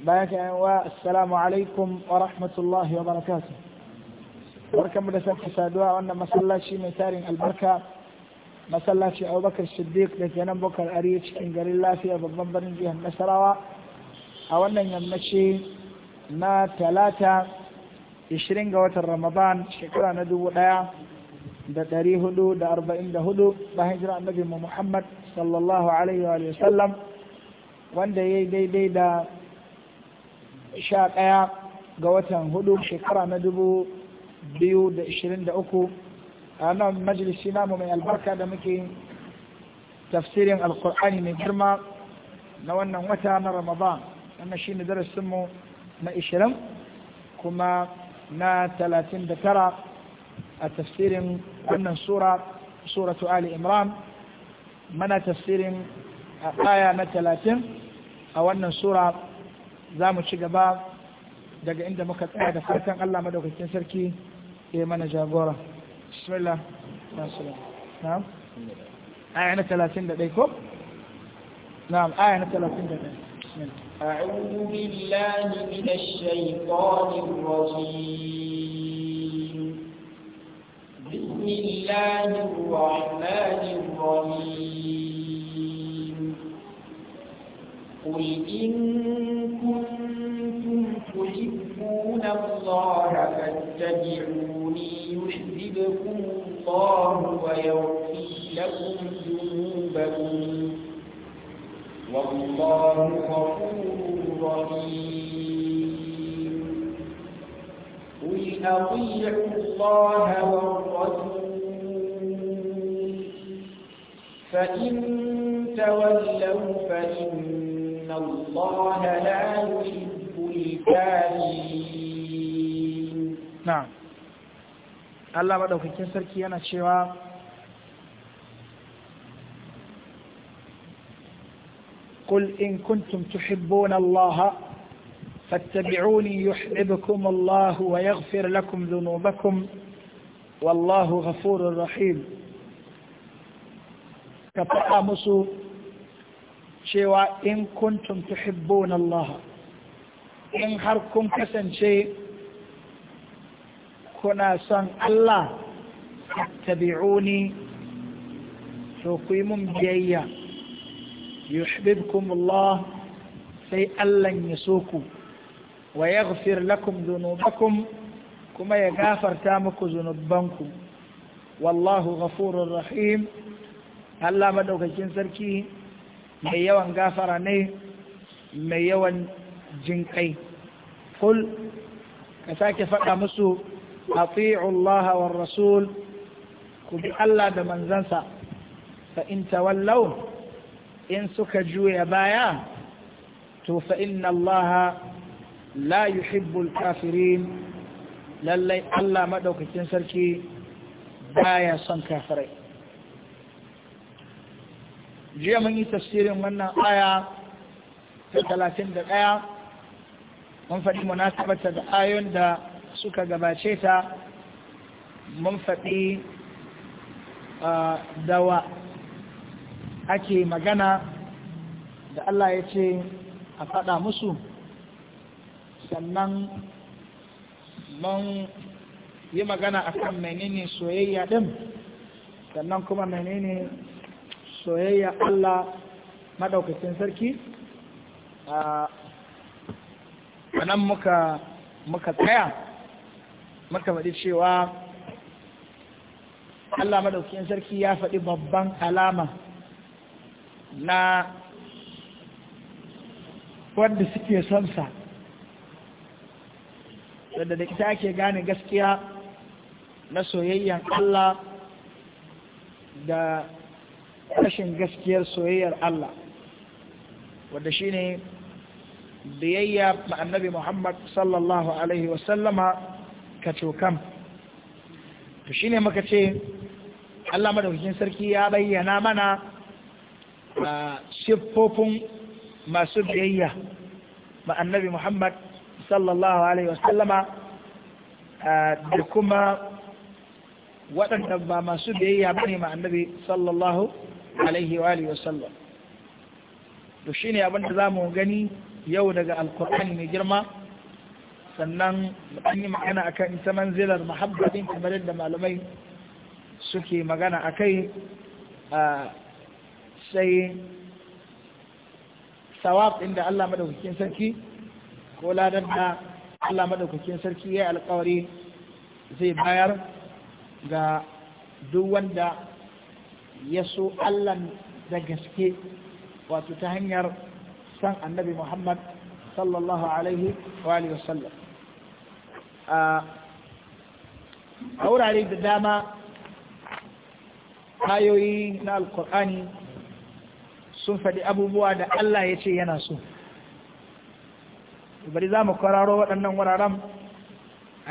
bayan ka eh, wa assalamu alaikum wa rahmatullahi wa barakatuh barkamu da sake saduwa wannan masallaci mai tarin albarka masallaci abubakar siddiq da ke nan bukar ariya cikin garin lafiya babban birnin jihar nasarawa a wannan yammaci na talata 20 ga watan ramadan shekara na dubu ɗaya da ɗari hudu da arba'in da hudu bayan jira annabi muhammad sallallahu alaihi wa sallam wanda ya yi daidai da sha ɗaya ga watan hudu shekara na dubu biyu da ishirin da uku a nan majalisi namu mai albarka da muke tafsirin alkur'ani mai girma na wannan wata na ramadan wannan shi ne darasinmu na ishirin kuma na talatin da tara a tafsirin wannan sura suratu ali imran mana tafsirin a aya na talatin a wannan sura za mu ci gaba daga inda muka tsaya da fatan Allah madaukakin sarki ya mana jagora bismillah na'am aya na 31 ko na'am aya na 31 أعوذ بالله من الشيطان الرجيم بسم الله الرحمن الرحيم قل إن كنتم تحبون الله فاتبعوني يحببكم الله ويغفر لكم ذنوبكم والله غفور رحيم قل أطيعوا الله والرسول فإن تولوا فإن الله لا يحب الكافرين نعم Allah في sarki yana cewa قل إن كنتم تحبون الله فاتبعوني يحببكم الله ويغفر لكم ذنوبكم والله غفور رحيم كفأ مسو cewa in kuntum tuhibbuna Allah in har kun kasance kuna son Allah tabi'uni to ku yi mun biyayya yuhibbukum Allah sai Allah ya so ku wa yaghfir lakum dhunubakum kuma ya gafarta muku zunubanku wallahu ghafurur rahim Allah madaukakin sarki mai yawan gafara ne mai yawan jinkai kul ka sake faɗa musu ati'u Allah wa rasul ku bi Allah da manzansa fa in tawallaw in suka juya baya to fa inna Allah la yuhibbul kafirin lallai Allah madaukakin sarki baya son kafirai jiya mun yi tafsirin wannan aya ta talatin da ɗaya mun faɗi munasabata da ayon da suka gabace ta mun faɗi dawa ake magana da Allah ya ce a faɗa musu sannan mun yi magana akan menene soyayya ɗin sannan kuma menene soyayya Allah maɗaukacin sarki a nan muka muka tsaya muka faɗi cewa Allah maɗaukacin sarki ya faɗi babban alama na wanda suke son wadda da ita ake gane gaskiya na soyayyan Allah da rashin gaskiyar soyayyar Allah wadda shine biyayya ma annabi Muhammad sallallahu alaihi wasallama kacokan to shine muka ce Allah madaukakin sarki ya bayyana mana siffofin masu biyayya ma annabi Muhammad sallallahu alaihi wasallama da kuma waɗanda ba masu biyayya bane ma annabi sallallahu alaihi wa alihi wasallam to shine abin da zamu gani yau daga alqur'ani mai girma sannan an yi magana akan ita manzilar mahabbatin kamar yadda malamai suke magana akai sai sawab inda Allah madaukakin sarki ko ladan da Allah madaukakin sarki ya alƙawari zai bayar ga duk wanda ya so Allah da gaske wato ta hanyar san annabi Muhammad sallallahu alaihi wa sallam. a wurare da dama hayoyi na alkur'ani sun faɗi abubuwa da Allah ya ce yana so bari za mu kwararo waɗannan wuraren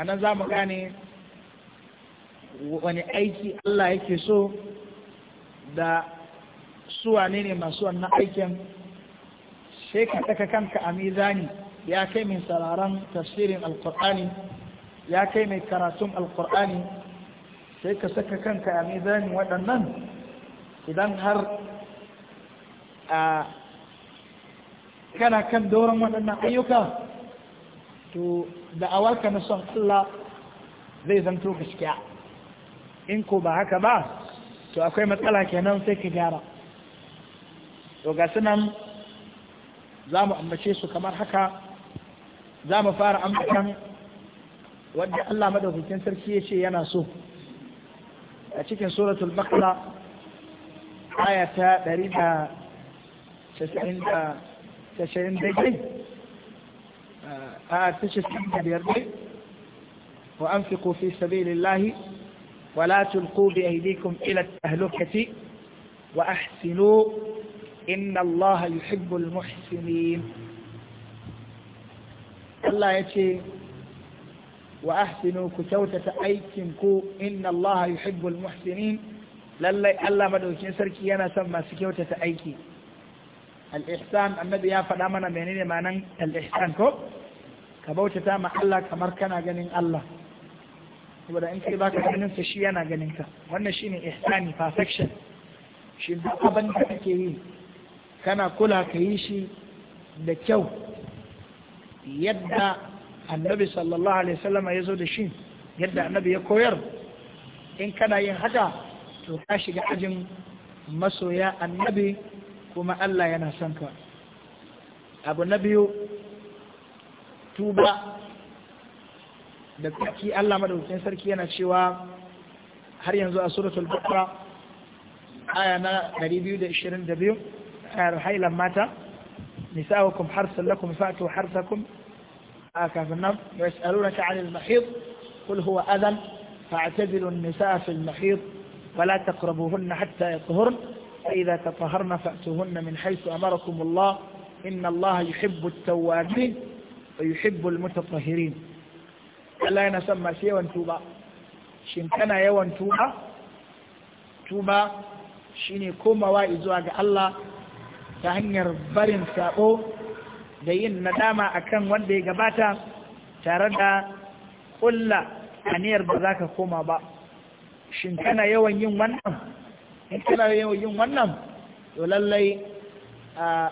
a nan za mu gane wani aiki Allah yake so da su wane ne masu wannan aikin sai ka taka kanka a mizani ya kai mai sararan tafsirin alkur'ani ya kai mai karatun alkur'ani sai ka saka kanka a mizani waɗannan idan har a kana kan doron waɗannan ayyuka to da'awarka na son Allah zai zanto gaskiya in ko ba haka ba to akwai matsala kenan sai ka gyara to ga sunan za mu ambace su kamar haka za mu fara ambatan wadda Allah madaukakin sarki ya ce yana so a cikin suratul baqara aya ta da daidai a ta dai. wa an fi sabilillahi ولا تلقوا بأيديكم إلى التهلكة وأحسنوا إن الله يحب المحسنين الله يتي وأحسنوا كتوتة أيكمكو إن الله يحب المحسنين للي الله مدوكين سركي أنا سمى سكوتة أيكي الإحسان النبي يا فلامنا منين ما الإحسان كو كبوتة ما الله كمركنا جنين الله saboda in kai baka ganin sa shi yana ganin ka wannan shine ihsani perfection shi duk abin da kake yi kana kula ka yi shi da kyau yadda annabi sallallahu alaihi wasallam ya zo da shi yadda annabi ya koyar in kana yin haka to ka shiga ajin masoya annabi kuma Allah yana son ka abu na biyu tuba da tsaki Allah madaukakin sarki yana cewa har yanzu a suratul baqara aya na 222 ayar hailan mata nisa'ukum harsan lakum fa'tu harsakum aka fannan yas'alunaka 'anil mahid qul huwa adhan fa'tazilu an-nisa'a fil mahid ولا تقربوهن حتى يطهرن فإذا تطهرن فأتوهن من حيث أمركم الله إن الله يحب التوابين ويحب المتطهرين Allah yana son masu yawan tuba shin kana yawan tuba tuba shine komawa zuwa ga Allah ta hanyar barin sabo da yin nadama akan wanda ya gabata tare da kulla aniyar ba za koma ba shin kana yawan yin wannan in kana yawan yin wannan to lallai a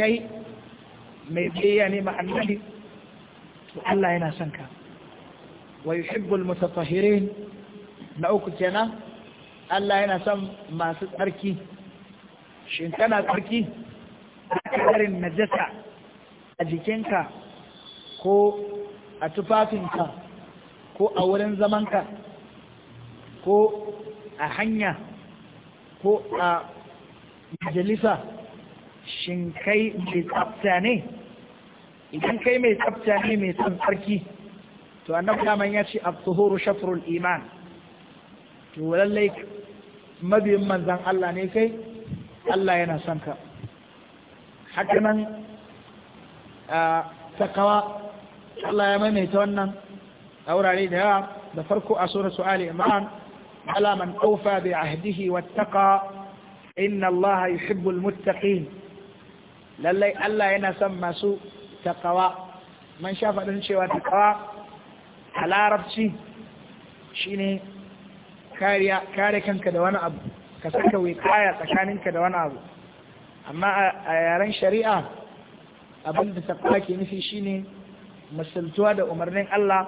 kai mai biyayya ne ma'anani to Allah yana son ka wa yuhibbul mutatahhirin na uku kenan Allah yana son masu tsarki shin kana tsarki karin najasa a jikinka ko a tufafinka ko a wurin zamanka ko a hanya ko a majalisa shin kai mai tsafta idan kai mai tsafta mai son tsarki to annabi daman ya ce at-tuhuru shafrul iman to lallai mabiyin manzan Allah ne kai Allah yana son ka haka nan takawa Allah ya maimaita wannan a wurare da yawa da farko a sura su Ali Imran ala man aufa bi ahdihi wattaqa inna Allah yuhibbul muttaqin lallai Allah yana son masu takawa man sha faɗin cewa takawa a shi ne kare kanka da wani abu ka saka wikaya tsakaninka da wani abu amma a yaren shari'a abin da tafiya ke nufi shi ne musultuwa da umarnin Allah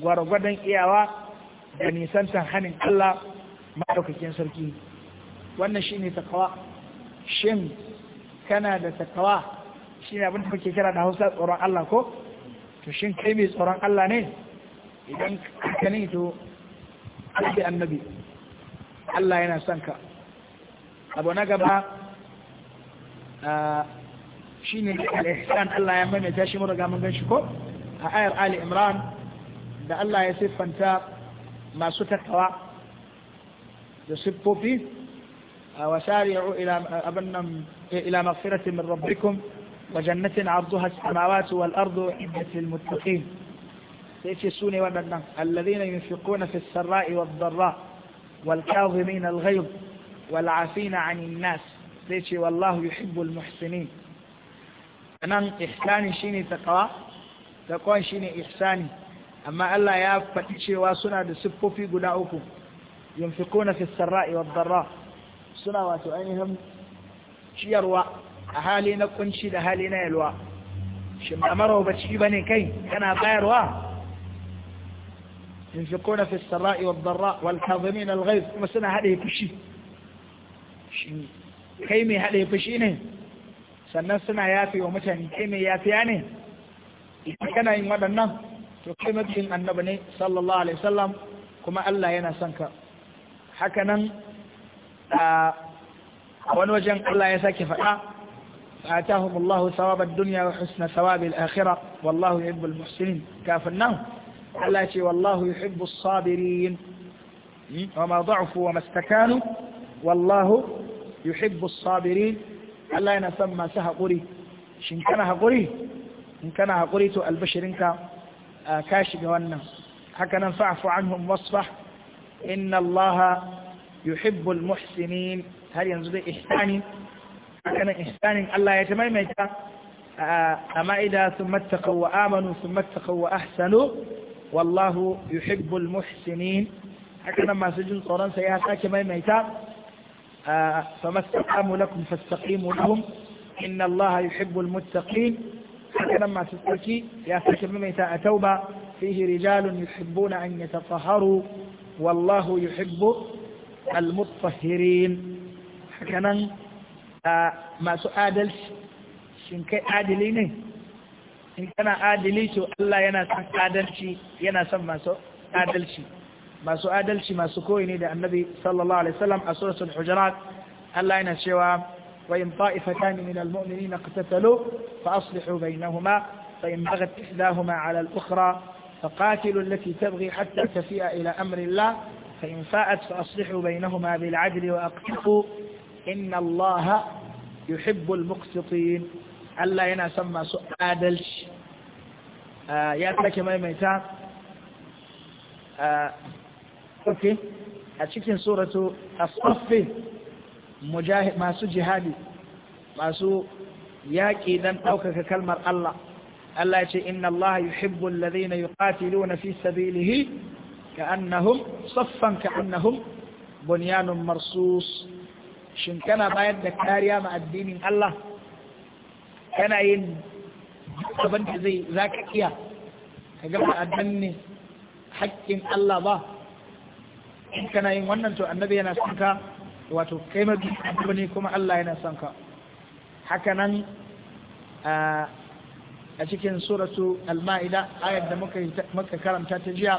gwargwadon iyawa da nisantan hannun Allah maɗaukakin sarki wannan shi ne takawa shin kana da takawa ne abin da kake kira da hausa tsoron Allah ko to shin kai mai tsoron Allah ne idan ka ne to albi annabi Allah yana son ka abu na gaba shi ne al'ihsan Allah ya maimaita shi mura gamun ganshi ko a ayar Ali Imran da Allah ya siffanta masu takawa da siffofi وسارعوا إلى أبنم إلى مغفرة من ربكم وجنة عرضها السماوات والأرض عدة للمتقين sai ce su ne waɗannan alladhina yunfiquna fi sarra'i wad darra wal kadhimina al wal 'afina 'anil nas sai ce wallahu yuhibbul muhsinin nan ihsani shine taqwa taqwa shine ihsani amma Allah ya faɗi cewa suna da siffofi guda uku yunfiquna fi sarra'i wad darra suna wato ainihin ciyarwa a hali na kunci da hali na yalwa shin ba marau bane kai kana bayarwa ينفقون في السراء والضراء والكاظمين الغيظ ثم سنة هذه كشي كيمي هذه بشينه سنة سنة يافي ومتن كيمي يافيانه يعني. يتكنا إن ودنا تقيم الدين النبني صلى الله عليه وسلم كما ألا ينا سنك حكنا آه، أول وجن ألا يساك فأتاهم الله ثواب الدنيا وحسن ثواب الآخرة والله يحب المحسنين كافرناه على شيء والله يحب الصابرين وما ضعفوا وما استكانوا والله يحب الصابرين على أن ثم سه قري إن كان هقري إن كان هقريت البشر إنك آه، كاشف وأن هكذا فاعف عنهم واصفح إن الله يحب المحسنين هل ينزل إحسان هكذا إحسان الله يتميمت آه، أما إذا ثم اتقوا وآمنوا ثم اتقوا وأحسنوا والله يحب المحسنين حكنا ما سجن صوران سيئات ما ميتا آه، فما استقاموا لكم فاستقيموا لهم إن الله يحب المتقين حكنا ما سجن يا ساكي ما ميتا أتوبة فيه رجال يحبون أن يتطهروا والله يحب المطهرين حكنا آه، ما سؤال شنكي عادليني in kana adili to Allah yana san adalci yana san masu adalci masu adalci masu koyi ne da annabi sallallahu alaihi wasallam a suratul hujurat Allah yana cewa wa in ta'ifatan min almu'minin qatatalu fa aslihu bainahuma fa in baghat ihdahuma ala al-ukhra فقاتلوا التي تبغي حتى تفيء إلى أمر الله فإن فاءت فأصلحوا بينهما بالعدل وأقسطوا إن الله يحب المقسطين Allah yana son masu adalci ah, ya sake maimaita ah, a cikin suratu asfafi masu jihadi masu yaƙi don ɗaukaka kalmar Allah Allah ce inna Allah yuhibbu alladhina na fi sabilihi ka'annahum saffan ka'annahum bunyanun marsus shin kana bayar da kariya ma addinin Allah kana yin abin da zai zaka iya ka gaba a danne haƙƙin Allah ba in kana yin wannan to annabi yana son ka wato kai mabi annabi kuma Allah yana son ka haka nan a cikin suratu al-ma'ida ayar da muka karanta ta jiya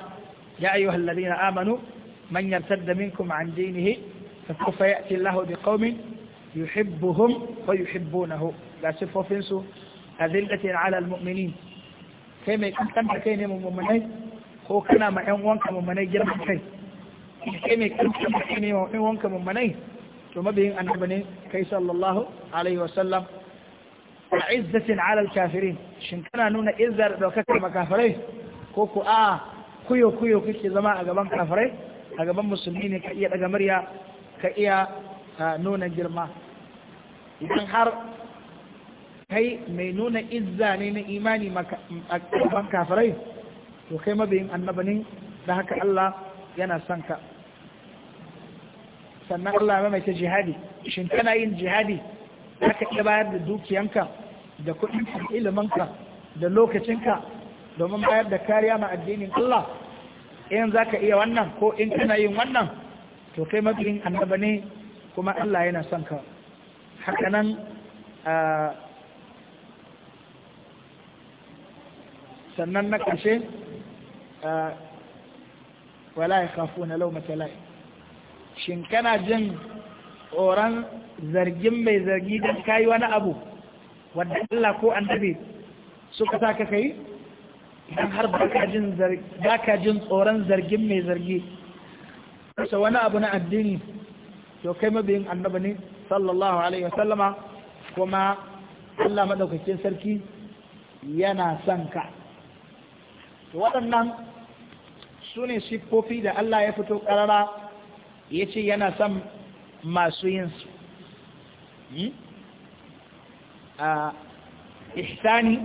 ya ayyuhal ladina amanu man yartadda minkum an dinihi fa sawfa ya'ti Allahu biqaumin yuhibbuhum wa yuhibbunahu ga siffofinsu a zillatin alal mu'minin kai mai kankanta kai ne mummunai ko kana ma yan uwanka mummunai girman kai kai mai kankanta kai ne ma yan uwanka mummunai to mabiyin annabi ne kai sallallahu alaihi wa wasallam a izzatin alal kafirin shin kana nuna izzar daukakar makafirai ko ku a kuyo kuyo kake zama a gaban kafirai a gaban musulmi ne ka iya daga murya ka iya ah, nuna girma idan har kai mai nuna izza ne na imani a ƙarfan kafirai to kai mabiyin annabanin da haka Allah yana son ka sannan Allah mai ta jihadi shin kana yin jihadi haka iya bayar da dukiyanka da kuɗin iliminka da lokacinka domin bayar da kariya ma addinin Allah in za ka iya wannan ko in kana yin wannan to kai mabiyin annaba kuma Allah yana son ka hakanan ah, sannan na ƙarshe wala ya kafu na lau matalai shin kana jin tsoron zargin mai zargi don kayi wani abu wanda Allah ko annabi suka sa ka kai idan har ba ka jin tsoron zargin mai zargi kusa wani abu na addini to kai mabiyin annabi ne sallallahu alaihi wasallama kuma Allah madaukakin sarki yana son ka to waɗannan su ne siffofi da Allah ya fito ƙarara ya ce yana son masu yin su hmm? ihsani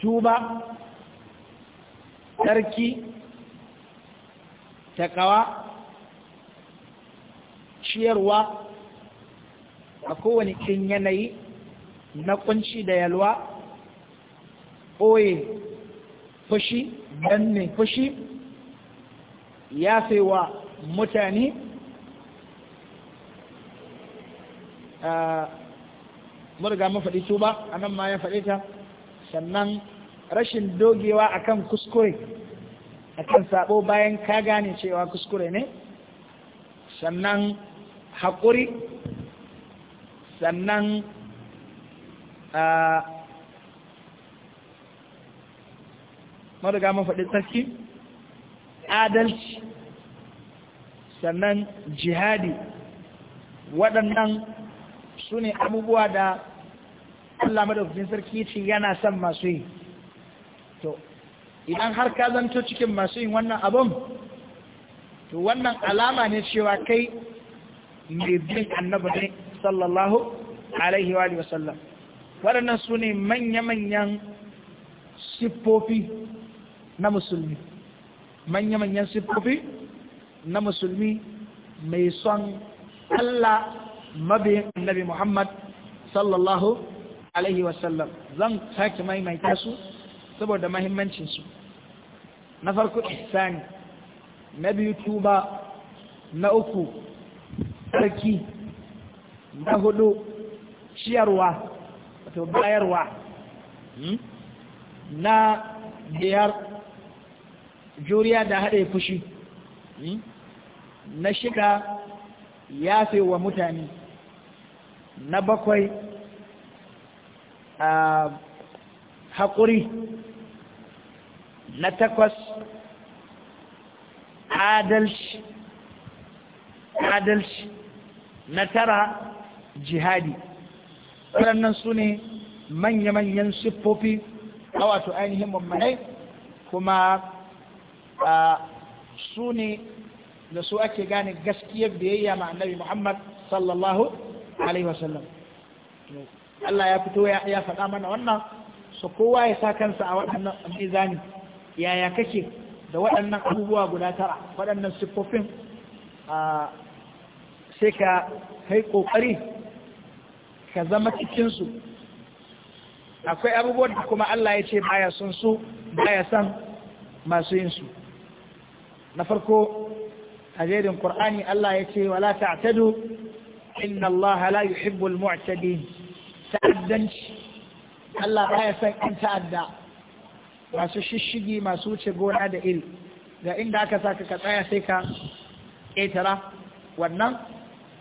tuba tarki takawa ciyarwa a kowane kin yanayi na kunci da yalwa ɓoye fushi dan ne fushi ya wa mutane murga mafaɗi tuba a nan ma ya faɗe ta sannan rashin dogewa akan kuskure akan sabo bayan ka gane cewa kuskure ne sannan haƙuri sannan a mariga mun faɗi tsarki adalci sannan jihadi waɗannan su ne abubuwa da Allah madaukakin sarki ce yana son masu yi to idan har ka zanto cikin masu yin wannan abun to wannan alama ne cewa kai mai bin annabi ne sallallahu alaihi wa sallam waɗannan su ne manya-manyan siffofi na musulmi manya-manyan siffofi na musulmi mai son Allah mabi annabi Muhammad sallallahu alaihi wasallam zan sake maimaita su saboda mahimmancinsu na farko ihsani na biyu tuba na uku sarki na hudu ciyarwa wato bayarwa hmm? na biyar juriya da haɗe fushi hmm? na shida yafe wa mutane na bakwai a ah, haƙuri na takwas adalci na tara jihadi waɗannan su ne manya-manyan siffofi a wato ainihin mummanai kuma su ne da su ake gane gaskiyar biyayya ma annabi Muhammad sallallahu alaihi wasallam Allah ya fito ya faɗa mana wannan su kowa ya sa kansa a waɗannan mizani yaya kake da waɗannan abubuwa guda tara waɗannan siffofin sai ka kai ƙoƙari ka zama cikinsu akwai abubuwan da kuma Allah ya ce baya son su baya san masu yin su na farko a jerin qur'ani Allah ya ce wala ta'tadu inna Allah la yuhibbu al-mu'tadin ta'addanci Allah baya son in ta'adda masu shishigi masu wuce gona da iri ga inda aka saka ka tsaya sai ka ƙetara wannan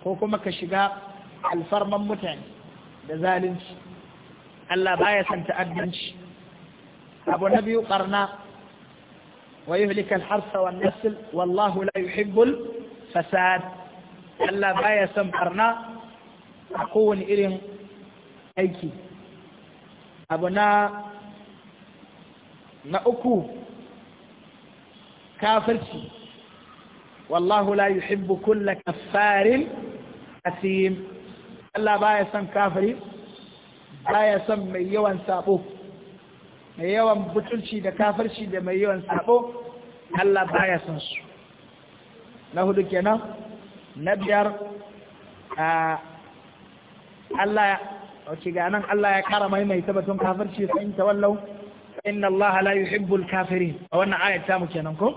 ko kuma ka shiga alfarman mutane da zalunci Allah baya son ta'addanci abu na biyu ƙarna ويهلك الحرث والنسل والله لا يحب الفساد Allah baya son barna a irin aiki abu na na uku kafirci wallahu la yuhibbu kulla kaffarin asim Allah baya son kafiri baya son mai yawan sabo mai yawan butulci da kafirci da mai yawan sabo Allah baya san su na hudu kenan na biyar a Allah wace ga nan Allah ya kara maimaita batun kafirci sai in wallau. inna Allah la al kafirin a wannan ayat ta mu kenan ko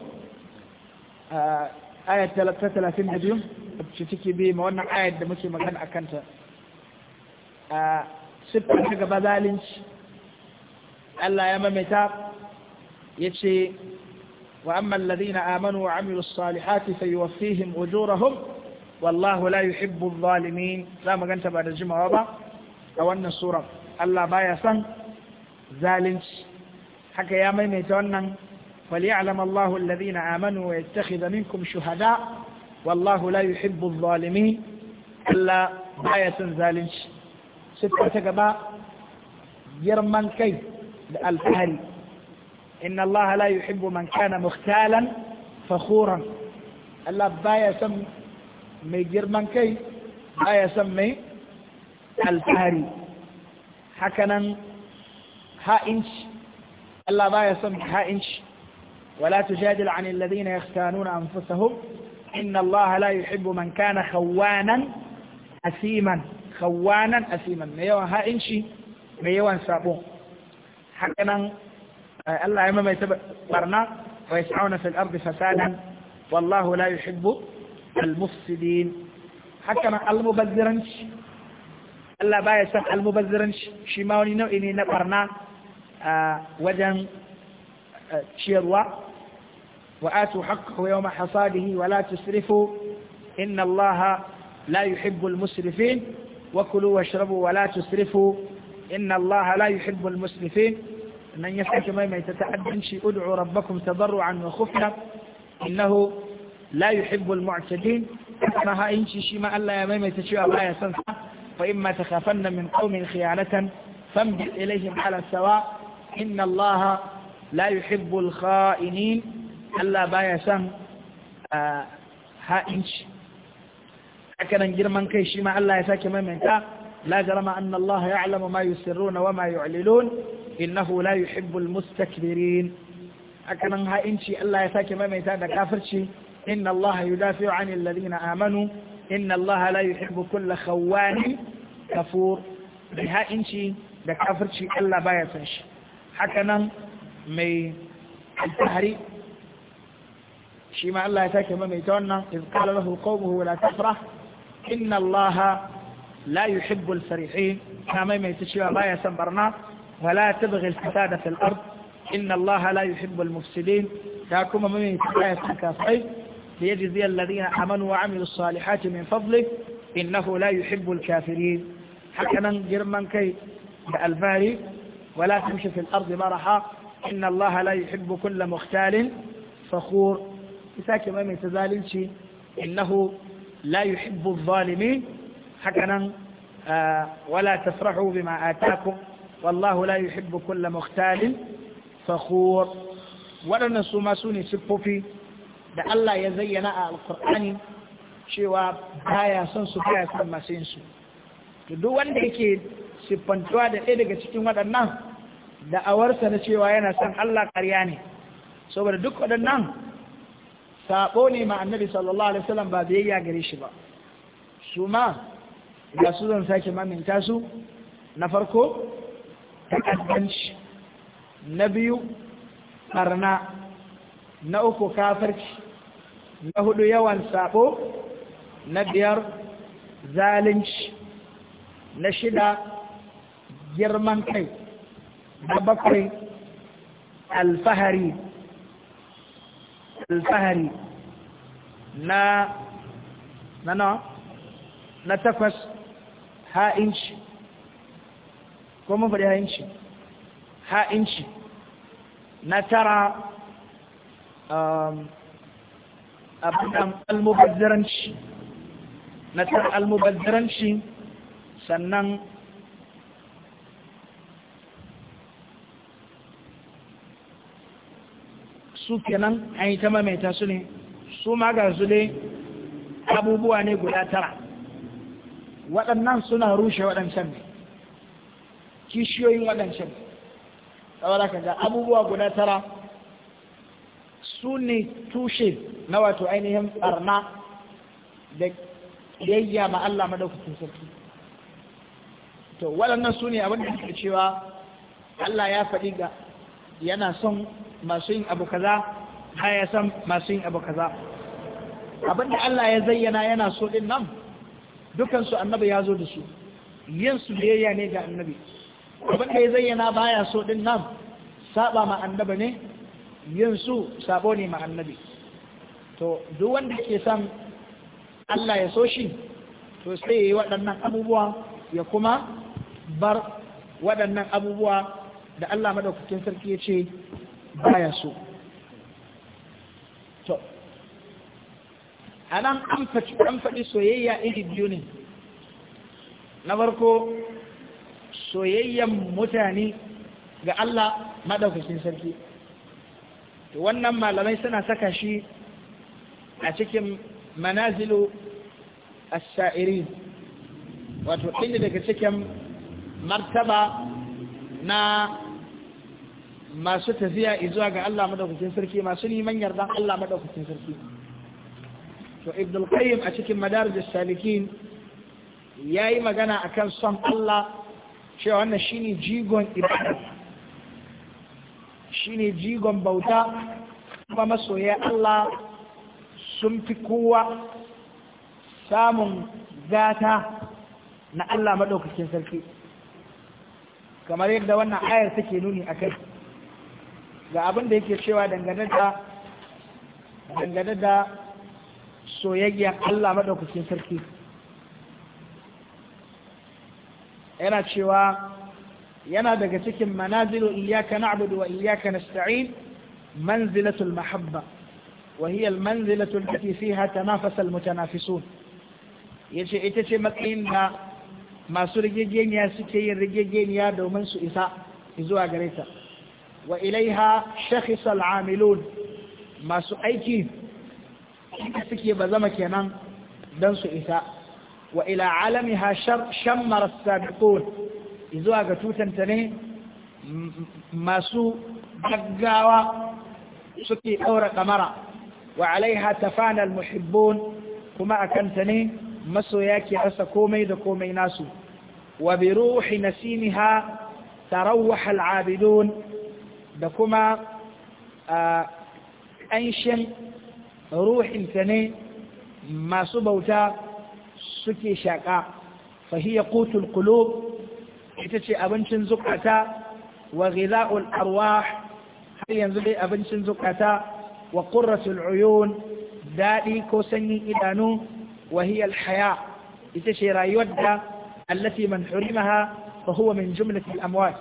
ayat 32 ce ciki bi ma wannan ayat da muke magana akan ta a sifar ta bazalinci Allah ya mamaita ya ce wa amma alladhina amanu wa amilu salihati fayuwaffihim ujurahum wallahu la yuhibbu adh-dhalimin za mu ganta ba da jimawa ba a wannan sura Allah baya san zalunci haka ya maimaita wannan وليعلم الله الذين آمنوا ويتخذ منكم شهداء والله لا يحب الظالمين إلا آية ذلك ستة كباء يرمن كي الفهري إن الله لا يحب من كان مختالا فخورا الله Allah baya son من كي با يسمي son حكنا ها إنش الله با يسمي ها إنش ولا تجادل عن الذين يختانون أنفسهم إن الله لا يحب من كان خوانا أثيما خوانا أثيما ميوان هائنشي ميوان سابون حقنا آه، الله يمام يتبرنا ويسعون في الأرض فسادا والله لا يحب المفسدين حقنا المبذرنش الله با يسح المبذرنش شماوني نو إني نبرنا آه، وجن آه، تشيروا وآتوا حقه يوم حصاده ولا تسرفوا إن الله لا يحب المسرفين وكلوا واشربوا ولا تسرفوا إن الله لا يحب المسرفين من يفعل ما ما يتتعد امشي ادعوا ربكم تضرعا وخفيا إنه لا يحب المعتدين كما شيء ما ألا يا ميمة تشيء الله يا سنسا فإما تخافن من قوم خيانة فامجد إليهم على السواء إن الله لا يحب الخائنين ألا بايا سن آه، ها haka nan girman kai shi ما الله ya sake maimaita لا جرم أن الله يعلم ما يسرون وما يعلنون إنه لا يحب المستكبرين أكنن هائنشي الله يساك ما ميتاد كافرشي إن الله يدافع عن الذين آمنوا إن الله لا يحب كل خوان كفور بهائنشي da kafirci Allah baya san shi hakanan mai alfahari shi ma Allah ya sake mamaita wannan iz qala lahu qawmuhu la tafrah inna Allah لا يحب الفريحين كما يميتشي وبايا سنبرنا ولا تبغي الفساد في الأرض إن الله لا يحب المفسدين تاكم من يتبعي الكافرين ليجزي الذين آمنوا وعملوا الصالحات من فضله إنه لا يحب الكافرين حكما جرما كي الفاري ولا تمشي في الأرض مرحا إن الله لا يحب كل مختال فخور إساك ما من تزالنشي إنه لا يحب الظالمين hakanan uh, wala tasrahu bima atakum wallahu la yuhibbu kulla mukhtalin fakhur waɗannan su ma su da Allah ya zayyana a alkur'ani cewa baya son su baya son masu su to duk wanda yake siffantuwa da ɗaya daga cikin waɗannan da'awarsa na cewa yana son Allah ƙarya ne saboda duk waɗannan saɓo ne ma annabi sallallahu alaihi wasallam ba biyayya gare shi ba su ma ga su zan sake maminta su na farko takaddanci na biyu ɓarna na uku kafarci na hudu yawan sabo na biyar zalunci na shida girman kai na bakwai alfahari alfahari na na na takwas ha'inci ko mun faɗi ha'inci ha'inci na tara um, abin almubazzaranci na tara almubazzaranci sannan su kenan an yi ta mamaita su ne su magar su dai abubuwa ne guda tara waɗannan suna rushe waɗancan ne kishiyoyin waɗancan saboda ka ga abubuwa guda tara su ne tushe na wato ainihin ɓarna da yayya ma Allah madaukakin sarki to waɗannan su ne abin da suke cewa Allah ya faɗi ga yana son masu yin abu kaza ya san masu yin abu kaza abin da Allah ya zayyana yana so ɗin nan dukansu annabi ya zo da su yin su biyayya ne ga annabi abin da ya zayyana baya so din nan saba ma annabi ne yin su sabo ne ma annabi to duk wanda ke san Allah ya so shi to sai ya yi waɗannan abubuwa ya kuma bar waɗannan abubuwa da Allah madaukakin sarki ya ce baya so a nan an faɗi soyayya iri biyu ne na farko soyayyan mutane ga Allah maɗaukacin sarki wannan malamai suna saka shi a cikin manazilu as-sha'iri wato inda daga cikin martaba na masu tafiya izuwa ga Allah madaukakin sarki masu neman yardan Allah maɗaukacin sarki to ibn al-qayyim a cikin madarij salikin yayi magana akan son Allah cewa wannan shine jigon ibada shine jigon bauta kuma masoya Allah sun fi kowa samun gata na Allah madaukakin sarki kamar yadda wannan ayar take nuni akai ga abin da yake cewa dangane da dangane da soyayyar Allah maɗaukakin sarki yana cewa yana daga cikin manazilu iyaka na'budu wa iyaka nasta'in manzilatul mahabba wa hiya almanzilatu allati fiha tanafasa almutanafisun yace ita ce matsayin da masu rigegeniya suke yin rigegeniya domin su isa zuwa gare ta wa ilaiha shakhisa al'amilun masu aiki inda suke bazama kenan don su isa wa ila alami ha shammar sabiqun zuwa ga tutanta ne masu gaggawa suke ɗaura kamara wa alaiha tafana muhibbun kuma akanta ne masoya ke rasa komai da komai nasu wa bi ruhi nasimiha tarawwaha al'abidun da kuma ah, ƙanshin ruhinta ne masu bauta suke shaƙa fahiyya qutul qulub ita ce abincin zukata wa ghidha'ul arwah har yanzu dai abincin zukata wa qurratul uyun daɗi ko sanyin idanu wahiyar haya ita ce rayuwar da allati man hurimaha fa huwa min jumlatil amwat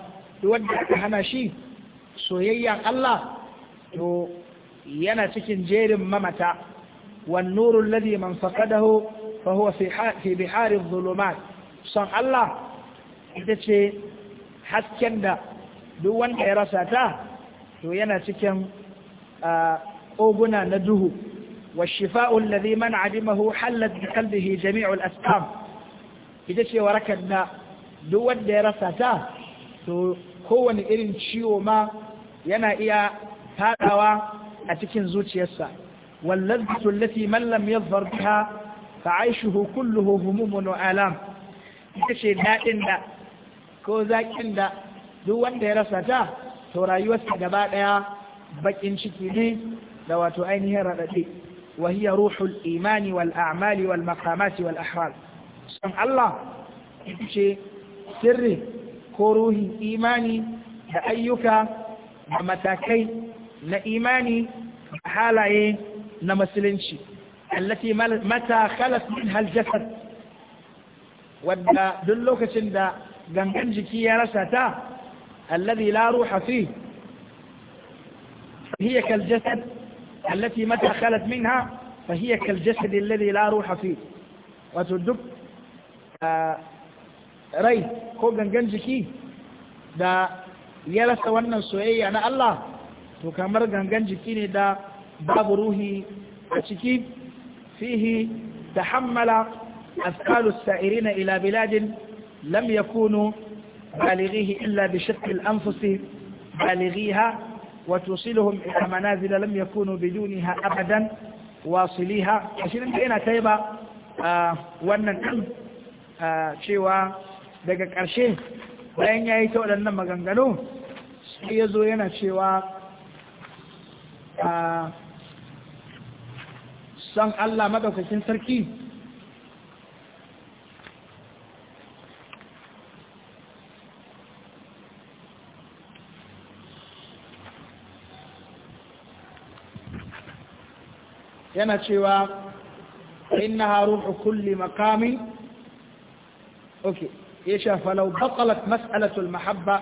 wanda hana shi soyayyan Allah to yana cikin jerin mamata wan nuru alladhi man faqadahu fa huwa fi san Allah ita ce hasken da duk wanda ya rasa ta to yana cikin oguna na duhu wa shifa'u alladhi man adimahu halat bi qalbihi jami'u al ce warakan da duk wanda ya rasa ta to kowane irin ciwo ma yana iya fadawa a cikin zuciyarsa wallazatu allati man lam yadhfar biha fa aishuhu kulluhu humumun wa alam ita dadin da ko zakin da duk wanda ya rasa ta to rayuwarsa gaba daya bakin ciki ne da wato ainihin radade wa hiya ruhul imani wal a'mali wal maqamati wal ahwal san Allah ita ce sirri ko ruhin imani da ayyuka da matakai na imani da halaye na musulunci allati mata khalas min hal jasad wadda duk lokacin da gangan jiki ya rasa ta alladhi la ruha fi hiya kal jasad allati mata khalat minha fa hiya kal jasad alladhi la ruha fi wato duk rai ko gangan jiki da ya rasa wannan soyayya na Allah to kamar gangan jiki ne da babu ruhi a ciki fihi tahammala asqalu sa'irina ila biladin lam yakunu balirihi illa bi shaqqi al-anfus balighiha wa tusiluhum ila manazil lam yakunu bidunha abadan wasiliha ashirin da yana kai ba wannan ɗin cewa daga ƙarshe bayan ya yi ta waɗannan maganganu sai ya zo yana cewa son Allah madaukakin sarki yana cewa innaha ruhu kulli maqami okay يشا فلو بطلت مسألة المحبة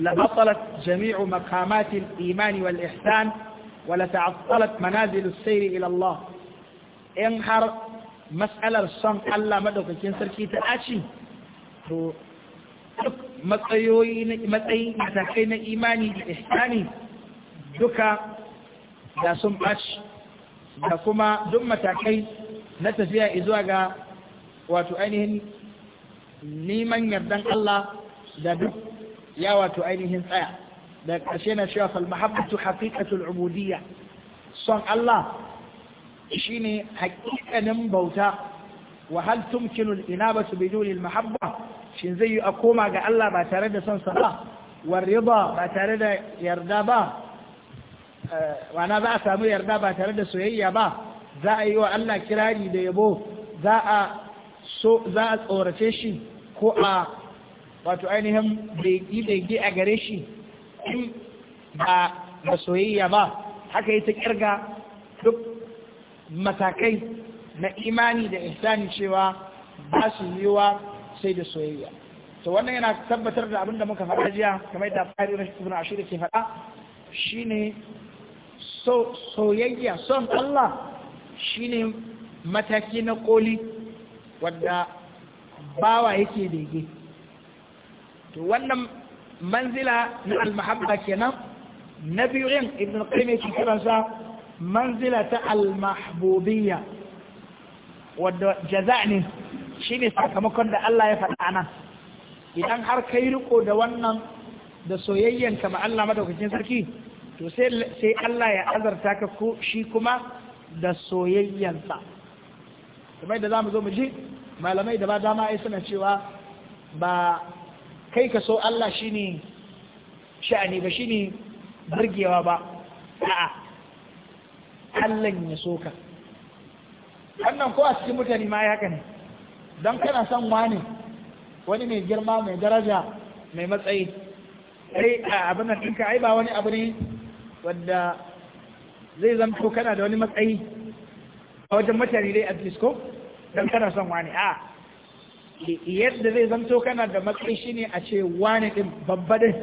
لبطلت جميع مقامات الإيمان والإحسان wala ta'attalat manazilus sayri ila Allah in har matsalar son Allah madaukakin sarki ta dace to duk matsayoyi na matsayi matakai na imani da ihsani duka da sun ɓaci da kuma duk matakai na tafiya izuwa ga wato ainihin neman yardan Allah da duk ya wato ainihin tsaya daga ƙarshe na cewa falmahabbatu haqiqatul ubudiyya son Allah shine haƙiƙanin bauta wa hal tumkinu inabatu bi al-mahabba shin zai yi a koma ga Allah ba tare da son sa ba war riba ba tare da yarda ba wana eh, za a samu yarda ba tare da soyayya ba za a yi wa Allah kirari da yabo za a so za a tsorace shi ko a wato ainihin bege bege a gare shi in ba na soyayya ba haka yi ta kirga duk matakai na imani da ihsani cewa ba su yiwa sai da soyayya to wannan yana tabbatar da abinda muka faɗa jiya kamar yadda fari na shi ke faɗa shine soyayya son Allah shine mataki na koli wadda bawa yake daidai to wannan manzila na almahabba kenan na biyu yin ibn qayyim yake kiransa manzila ta almahbubiyya wadda jaza ne shine sakamakon da Allah ya faɗa nan idan har kai riko da wannan da soyayyen ka ma Allah madaukakin sarki to sai Allah ya azarta ka ko shi kuma da soyayyansa kamar da zamu zo mu ji malamai da ba dama ai suna cewa ba kai ka so Allah shi ne sha'ani ba shi ne burgewa ba a'a Allah ya so ka wannan ko a cikin mutane ma ya haka ne don kana son wani wani mai girma mai daraja mai matsayi a abin da ka. ai ba wani abu ne wadda zai zamto kana da wani matsayi a wajen mutane dai a disko don kana son wani a yadda zai zanto kana da matsayi shine a ce wani ɗin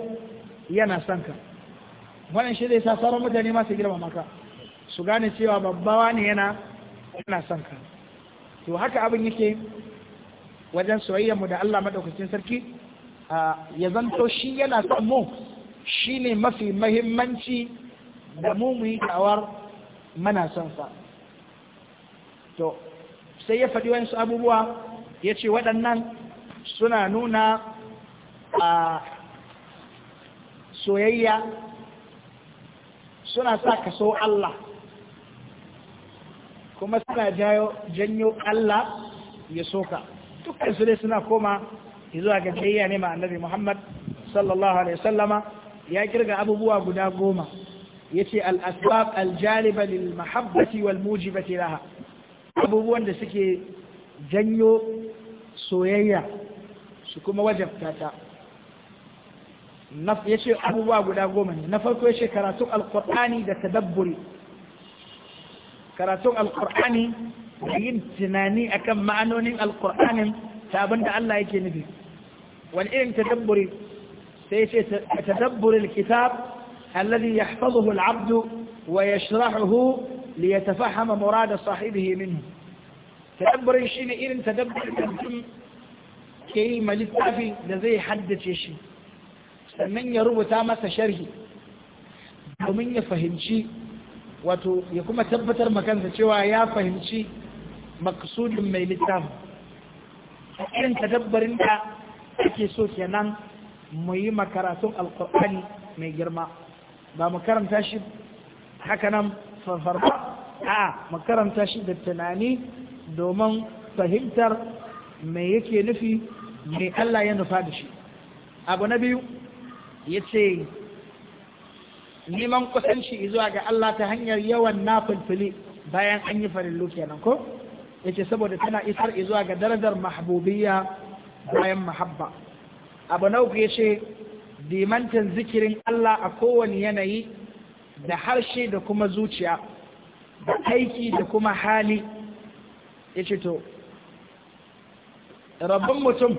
yana son ka wannan shi zai sa sauran mutane masu girma maka su gane cewa babba wani yana yana son ka to haka abin yake wajen soyayyar mu da Allah madaukakin sarki ya zanto shi yana son mu shi ne mafi mahimmanci da mu mu yi kawar mana son sa to sai ya faɗi wani abubuwa ya ce waɗannan suna nuna a soyayya suna sa ka so Allah kuma suna janyo Allah ya soka dukkan su dai suna koma zuwa ga jayya ne ma annabi Muhammad sallallahu alaihi sallama ya kirga abubuwa guda goma ya ce al'asbab aljaliba lil mahabbati wal mujibati laha abubuwan da suke janyo soyayya su kuma wajabta ta ya ce abubuwa guda goma ne na farko ya ce karatun alkur'ani da tadabburi karatun alkur'ani da yin tunani akan ma'anonin alkur'anin ta da Allah yake nufi wani irin tadabburi sai ya ce tadabburi alkitab alladhi yahfazuhu al'abdu wa yashrahuhu liyatafahama murada sahibihi minhu tadabbarin shi ne irin tadabbarin da mutum ke yi ma littafi da zai haddace shi sannan ya rubuta masa sharhi domin ya fahimci wato ya kuma tabbatar makansa cewa ya fahimci maksudin mai littafi irin tadabbarin da ake so kenan mu yi makaratun alkur'ani mai girma ba mu karanta shi hakanan farfarfa a mu shi da tunani domin fahimtar me yake nufi mai Allah ya nufa da shi abu na biyu ya ce neman kusanci zuwa ga Allah ta hanyar yawan nafilfili bayan an yi farillu kenan ko ya ce saboda tana isar zuwa ga darajar mahbubiyya bayan mahabba abu na uku ya ce Dimantin zikirin Allah a kowane yanayi da harshe da kuma zuciya da aiki da kuma hali ya to rabban mutum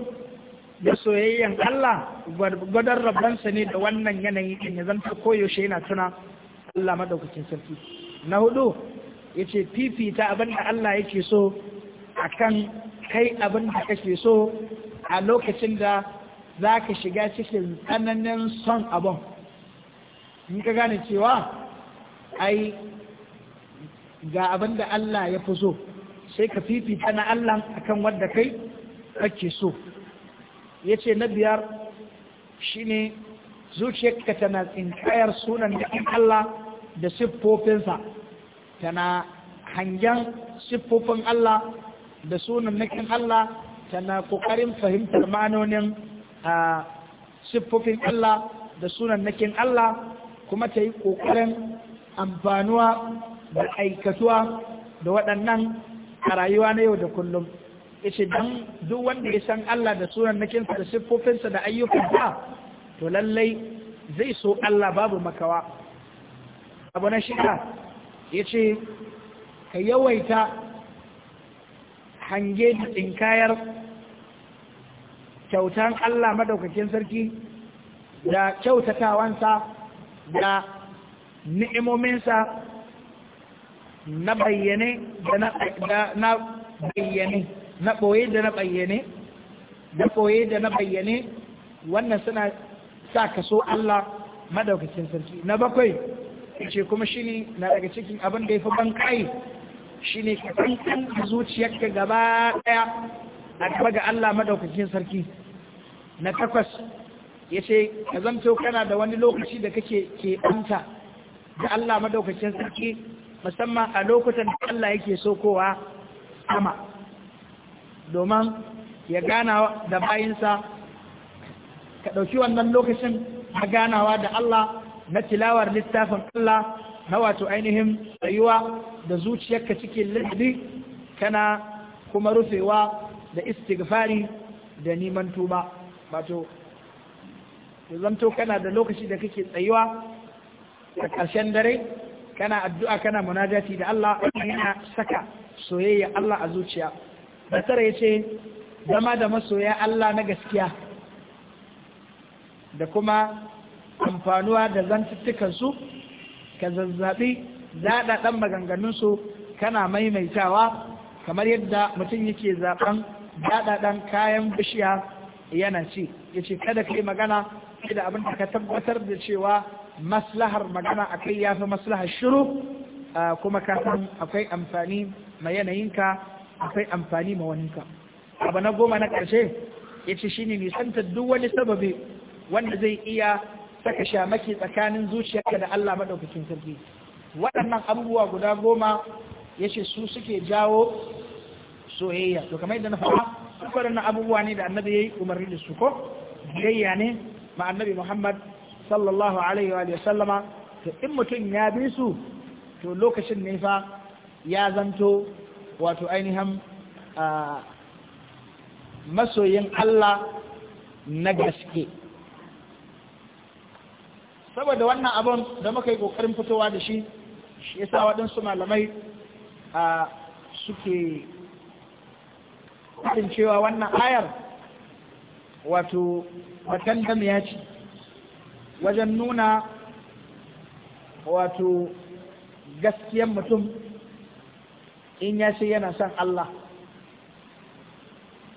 da soyayyen Allah gwadon rabbansa ne da wannan yanayi in ya zanta koyaushe yana tuna Allah madaukakin sarki na hudu ya ce fifita abin da Allah yake so akan kai abin da kake so a lokacin da za ka shiga cikin tsananin son abin in ka gane cewa ai ga abin da Allah ya fi so sai ka fifita na Allah akan wadda kai kake so ya ce na biyar shi shine zuciyarka tana tsinkayar sunan da Allah da siffofinsa tana hangen siffofin Allah da sunan nakin Allah tana kokarin fahimtar manonin a siffofin Allah da sunan nakin Allah kuma ta yi kokarin amfanuwa da aikatuwa da waɗannan a rayuwa na yau da kullum yace dan duk wanda ya san Allah da sunan nakinsa da siffofinsa da ayyukan ayyukansa to lallai zai so Allah babu makawa abu na shida yace ka yawaita hange da tsinkayar kyautan Allah madaukakin sarki da kyautatawansa da ni'imominsa na bayyane da na bayyane na ɓoye da na bayyane da ɓoye da na bayyane wannan suna sa kaso Allah madaukakin sarki na bakwai ce kuma shi ne na daga cikin abin da ya fi ban kai shi ne ka kankan zuciyarka gaba ɗaya a gaba ga Allah madaukakin sarki na takwas ya ce ka zamto kana da wani lokaci da kake ke ɗanta da Allah madaukakin sarki musamman a lokutan da Allah yake sokowa sama domin ya gana da bayinsa ka ɗauki wannan lokacin na ganawa da Allah na tilawar littafin Allah na wato ainihin tsayuwa da zuciyarka cikin ladabi kana kuma rufewa da istighfari da neman tuba wato zamto kana da lokaci da kake tsayuwa a ƙarshen dare kana addu'a kana munajati da Allah yana saka soyayya Allah a zuciya ya yace zama da masoya Allah na gaskiya da kuma amfanuwa da zantuttukan su ka zazzabi zaɗa ɗan maganganun su kana maimaitawa kamar yadda mutum yake zaɓen zaɗa ɗan kayan bishiya yana ci yace kada kai magana da abin da ka tabbatar da cewa maslahar magana akai ya fi maslahar shiru kuma kasan akwai amfani ma yanayinka akwai amfani ma waninka abu na goma na ƙarshe ya ce shi ne nisanta duk wani sababi wanda zai iya saka shamaki tsakanin zuciyarka da Allah maɗaukakin sarki waɗannan abubuwa guda goma ya ce su suke jawo soyayya to kamar yadda na faɗa waɗannan abubuwa ne da annabi ya yi umarni da su ko biyayya ne ma annabi muhammad sallallahu alaihi wa sallama to in mutum ya bi su to lokacin ne ya zanto wato ainihin masoyin Allah na gaske saboda wannan abun da muka yi kokarin fitowa da shi shi yasa waɗansu malamai a suke cewa wannan ayar wato batandam damiya ce wajen nuna wato gaskiyan mutum in ya ce yana son Allah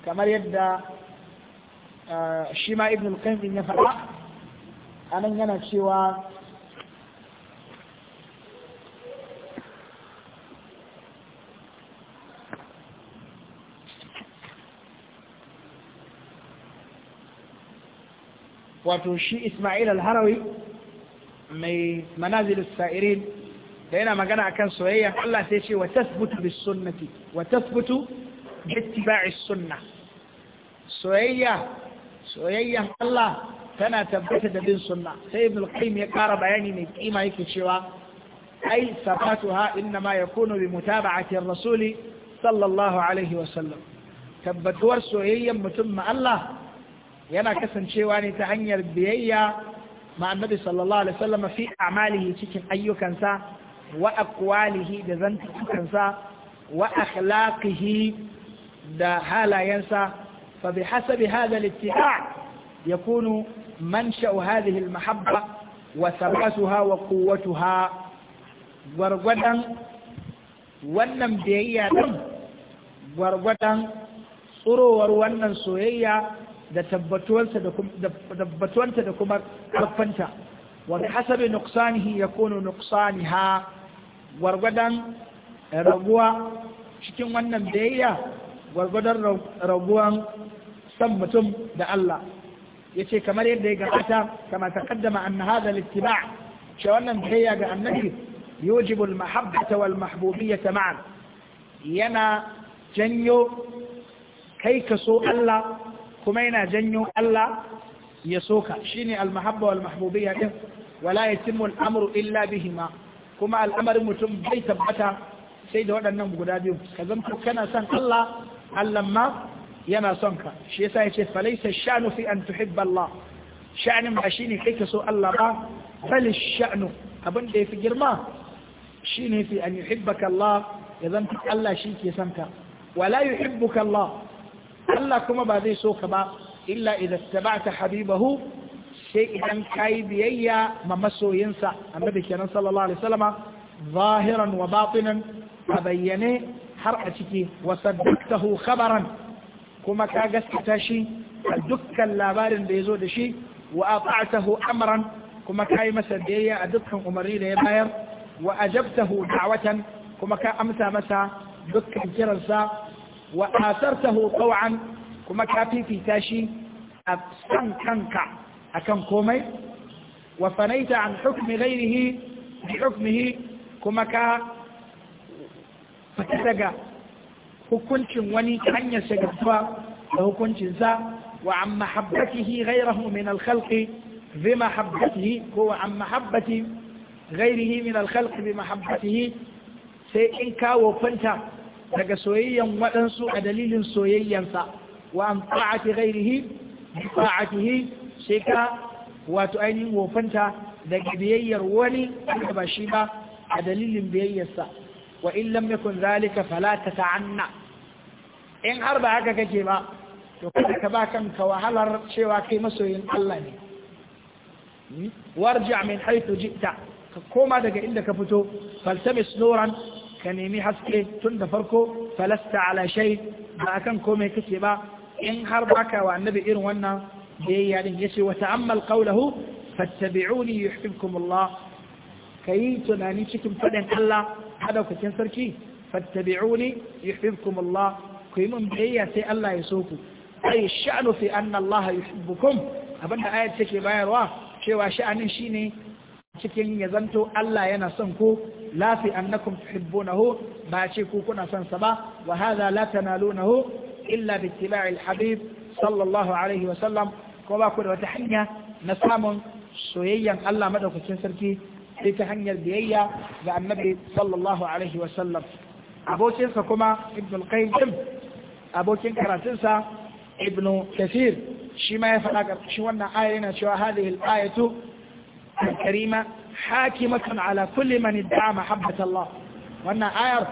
kamar yadda uh, shi ma ibn al ya faɗa anan yana cewa وتوشي إسماعيل الهروي من منازل السائرين لأن ما قنع كان سوئية الله تشي وتثبت بالسنة وتثبت باتباع السنة سوئية سوئية الله كان تثبت بالسنة سيد القيم يقارب يعني من قيمة يكشوا أي صفاتها إنما يكون بمتابعة الرسول صلى الله عليه وسلم تبتور سوئية ثم الله yana kasancewa ne ta hanyar biyayya ma annabi sallallahu alaihi wasallam fi amalihi cikin ayyukansa wa aqwalihi da zantukansa wa akhlaqihi da halayensa fa bi hasabi hadha al-ittiha' yakunu mansha'u hadhihi al-mahabba wa sabasuha wa quwwatuha gwargwadon wannan biyayya din gwargwadon tsurowar wannan soyayya da tabbatuwanta da kuma ƙarfanta wa bi hasabi nuqsanihi yakunu ha wargwadan raguwa cikin wannan biyayya gwargwadon raguwan san mutum da Allah ya ce kamar yadda ya gabata kama ta anna hadha al-ittiba' cewa wannan biyayya ga annabi yujibu al-mahabbata wal mahbubiyyata ma'an yana janyo kai ka so Allah kuma yana janyo Allah ya soka shine almahabba wal mahbubiyya din wala yatimmu amru illa bihima kuma al'amarin mutum bai tabbata sai da waɗannan guda biyu ka zanto kana son Allah Allah ma yana son ka shi yasa yace falaysa sha'nu fi an tuhibba Allah sha'nin ba shine kai ka so Allah ba sha'nu abin da yafi girma shine fi an yuhibbaka Allah ya Allah shi ke son ka wala yuhibbuka Allah Allah kuma ba zai so ka ba illa idan tabata habibahu sai idan kai biyayya ma masoyinsa annabi kenan sallallahu alaihi wasallama zahiran wa batinan a bayyane har a ciki wa saddaqtahu khabaran kuma ka gaskata shi a dukkan labarin da yazo da shi wa ata'tahu amran kuma kai masa biyayya a dukkan umarni da ya bayar wa ajabtahu da'watan kuma ka amsa masa dukkan kiransa wa asartahu taw'an kuma ka fifita shi a san kanka akan komai wa fanaita an hukmi ghairihi bi hukmihi kuma ka fita daga hukuncin wani ta hanyar shagafa da hukuncinsa wa an mahabbatihi ghairahu min al-khalqi bi mahabbatihi ko an mahabbati ghairihi min al-khalqi bi mahabbatihi sai in kawo fanta daga soyayyan waɗansu a dalilin soyayyansa wa an ta'ati ghairihi ta'atihi sai ka wato ainihin wofanta daga biyayyar wani da ba shi ba a dalilin biyayyarsa wa in lam yakun zalika fala tata'anna in har ba haka kake ba to kada ka ba kanka wahalar cewa kai masoyin Allah ne hmm? warji min haythu jita ka koma daga inda ka fito faltamis nuran ka nemi haske tun da farko falasta ala shai ba kan komai kake ba in har baka wa annabi irin wannan biyayya din yace wa ta'ammal qawluhu fattabi'uni yuhibbukum Allah kai tunani cikin fadin Allah hadaukakin sarki fattabi'uni yuhibbukum Allah ku yi min biyayya sai Allah ya so ku ai sha'nu fi anna Allah yuhibbukum abinda ayat take bayarwa cewa sha'anin shine cikin ya zanto Allah yana son ku la fi annakum tuhibbunahu ba ce kukuna kuna son sa ba wa hadha la illa bi ittiba'i habib sallallahu alaihi wa sallam ko ba ku da wata hanya na samun soyayyan Allah madaukakin sarki sai ta hanyar biyayya ga annabi sallallahu alaihi wa sallam abokinsa kuma ibn abokin karatunsa ibn kathir shi ya faɗa ƙarƙashin wannan aya yana cewa hadhihi al الكريمة حاكمة على كل من ادعى محبة الله وأن آية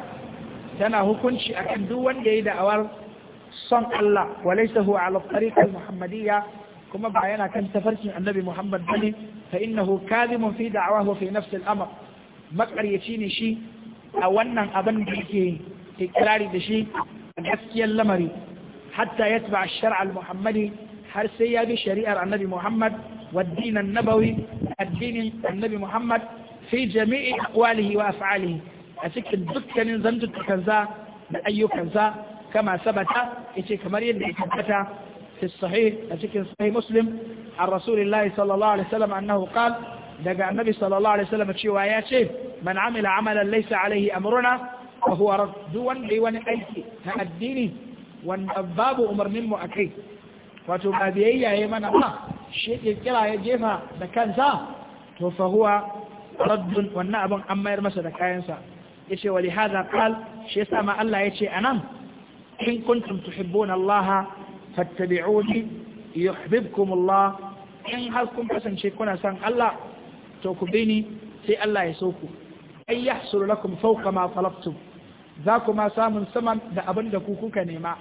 تنا هكونش أكن دوان جيدة أول صن الله وليس هو على الطريقة المحمدية كما بعينا كان تفرسن النبي محمد بني فإنه كاذب في دعواه في نفس الأمر مقر يشيني شي أولا أبن بيكي إكراري دشي الحسكي اللمري حتى يتبع الشرع المحمدي حرسيا بشريعة النبي محمد والدين النبوي الدين النبي محمد في جميع أقواله وأفعاله أتكن دكتن زنجت كذا بأي كذا كما ثبت إتي كمريد ثبت في الصحيح أتكن صحيح مسلم عن رسول الله صلى الله عليه وسلم أنه قال دقى النبي صلى الله عليه وسلم تشيواياته من عمل عملا ليس عليه أمرنا وهو ردوا لون أيكي هأديني وان أباب أمر من مؤكي وتباديي يا من الله shi kirkira ya jefa da kansa to fa raddun wannan abin an mayar masa da kayansa yace wa lihadha qal shi yasa ma Allah ya ce anan in kuntum tuhibbuna Allah fattabi'uni yuhibbukum Allah in har kun kasance kuna son Allah to ku bi ni sai Allah ya so ku ay yahsul lakum fawqa ma talabtum za ku ma samun saman da abin da ku kuka nema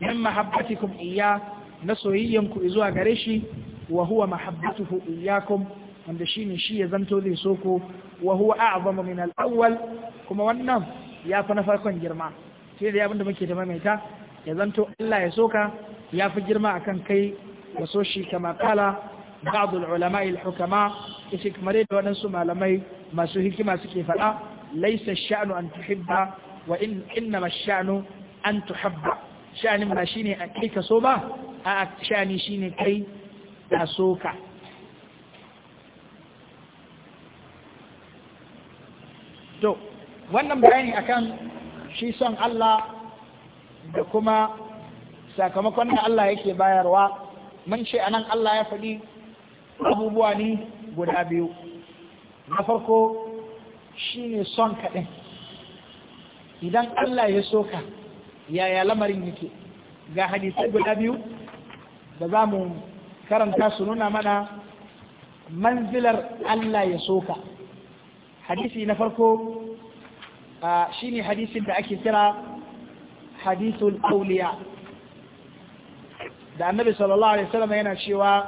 min mahabbatikum iyya na soyayyanku zuwa gare shi wa huwa mahabbatuhu iyyakum wanda shine shi ya zanto zai so ku wa huwa a'zamu min al-awwal kuma wannan ya fa na farkon girma sai da abin muke da maimaita ya zanto Allah ya soka ya fi girma akan kai wa so shi kama kala ba'd al-ulama al-hukama yace kamar malamai masu hikima suke faɗa laisa sha'nu an tuhibba wa in innama sha'nu an sha'anin ba shine a kai ka so ba a sha'ani shine kai ka so ka to wannan bayani akan shi son Allah da kuma sakamakon da Allah yake bayarwa mun ce anan Allah ya faɗi abubuwa ne guda biyu na farko shi ne son kaɗin idan Allah ya so ka yaya lamarin yake ga hadisai guda biyu da za mu karanta su nuna mana manzilar Allah ya soka hadisi na farko shine hadisin da ake kira hadisul auliya da annabi sallallahu alaihi wasallam yana cewa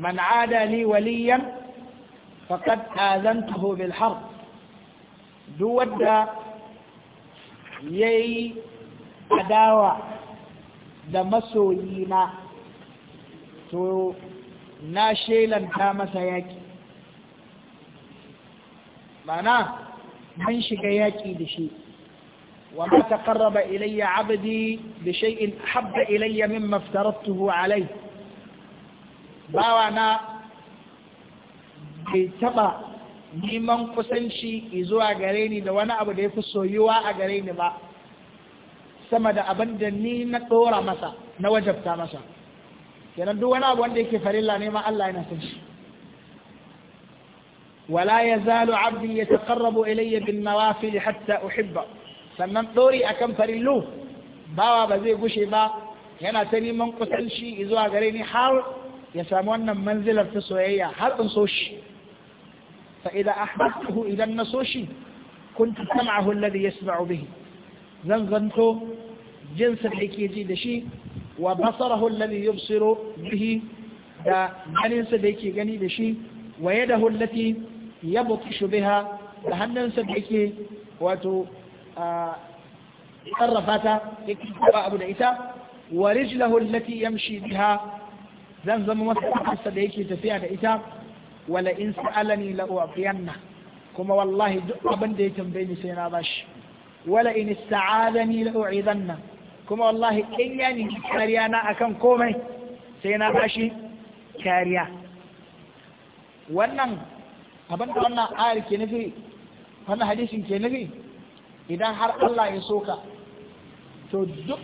man ada li waliyan faqad azantuhu bil harb duk wanda yayi adawa da masoyina to na shelanta masa yaƙi mana mun shiga yaƙi da shi وما da إلي عبدي بشيء أحب إلي alai Bawa na bai taɓa neman kusanci zuwa gare ni da wani abu da ya fi soyuwa a gare ni ba sama da abin da ni na ɗora masa na wajabta masa kenan duk wani abu wanda yake farilla ne ma Allah yana san shi wala yazalu abdi yataqarrabu ilayya bin nawafil hatta uhibba sannan dori akan farillu bawa ba zai gushe ba yana ta neman kusanci zuwa gare ni har ya samu wannan manzilar ta soyayya har in so shi fa idan ahbabtuhu idan na so shi kuntu sam'ahu alladhi yasma'u bihi zan zanto jinsin da yake ji da shi wa basarahu alladhi yubsiru bihi da ganinsa da yake gani da shi wa yadahu allati yabtishu biha da hannunsa da yake wato sarrafa ta yake taba abu da ita wa rijlahu allati yamshi biha zan zama masa da yake tafiya da ita wala in sa'alani la u'tiyanna kuma wallahi duk abin da ya tambaye ni sai na bashi wala in ista'adani la u'idanna kuma wallahi in ya ni kariya na akan komai sai na bashi kariya wannan abin da wannan ayar ke nufi ke idan har ya to duk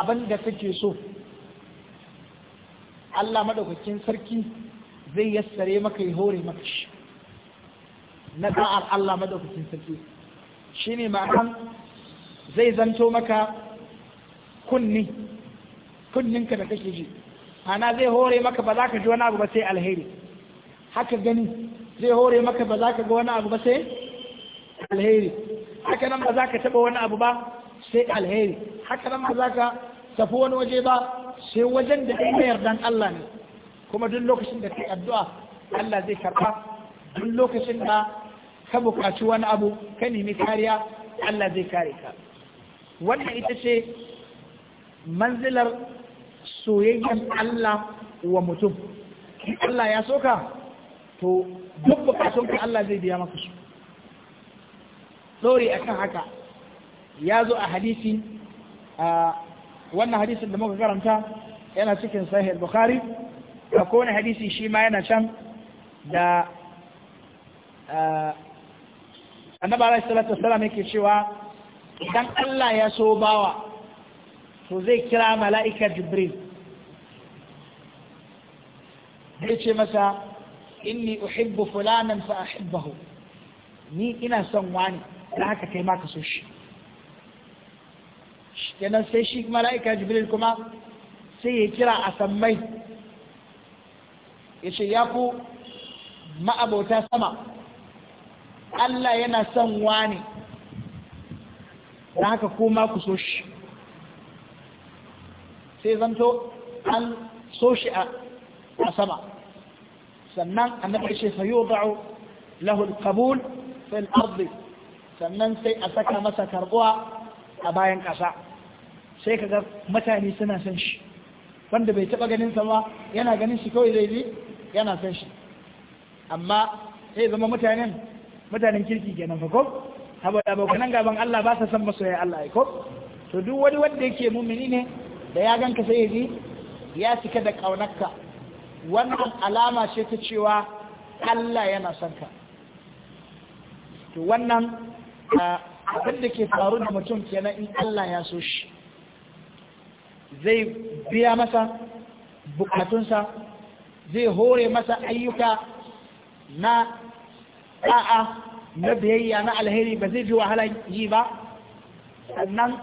abin da kake so Allah madaukakin sarki zai yassare maka ya hore maka shi na da'ar Allah madaukakin sarki ne ma'an zai zanto maka kunni kunninka da kake ji ana zai hore maka ba za ka ji wani abu ba sai alheri haka gani zai hore maka ba za ka ga wani abu ba sai alheri haka nan ba za ka taɓa wani abu ba sai alheri haka nan ba za ka tafi wani waje ba sai wajen da ɗaya yardan Allah ne kuma duk lokacin da kai addu'a Allah zai karɓa duk lokacin da ka bukaci wani abu ka nemi kariya Allah zai kare ka wannan ita ce manzilar soyayyen Allah wa mutum Allah ya soka to duk bukatun ka Allah zai biya maka su dore akan haka ya zo a hadisi a wannan hadisin da muka karanta yana cikin sahih bukhari a kowane hadisi shi ma yana can da annabi alaihi salatu wasallam yake cewa idan Allah ya so bawa to zai kira mala'ika jibril zai ce masa inni uhibbu fulanan fa ahibbahu ni ina son wani da haka kai ma ka so shi kenan sai shi mala'ika jibril kuma sai ya kira a sammai ya ce ya ku ma'abota sama Allah yana son wani da haka kuma ku so shi sai zanto an so shi a sama sannan annabi ce fa yudau lahu alqabul fil ardi sannan sai a saka masa karbuwa a bayan ƙasa sai kaga mutane suna son shi wanda bai taɓa ganin sa ba yana ganin shi kawai zai ji yana son shi amma sai zama mutanen mutanen kirki kenan fa ko saboda abokanan gaban Allah ba sa san masoya Allah ai ko to duk wani wanda yake mumini ne da ya ganka sai ya ya cika da kaunarka wannan alama ce ta cewa Allah yana son ka to wannan abin da ke faru da mutum kenan in Allah ya so shi zai biya masa bukatunsa zai hore masa ayyuka na a'a na biyayya na alheri ba zai ji wahalan yi ba sannan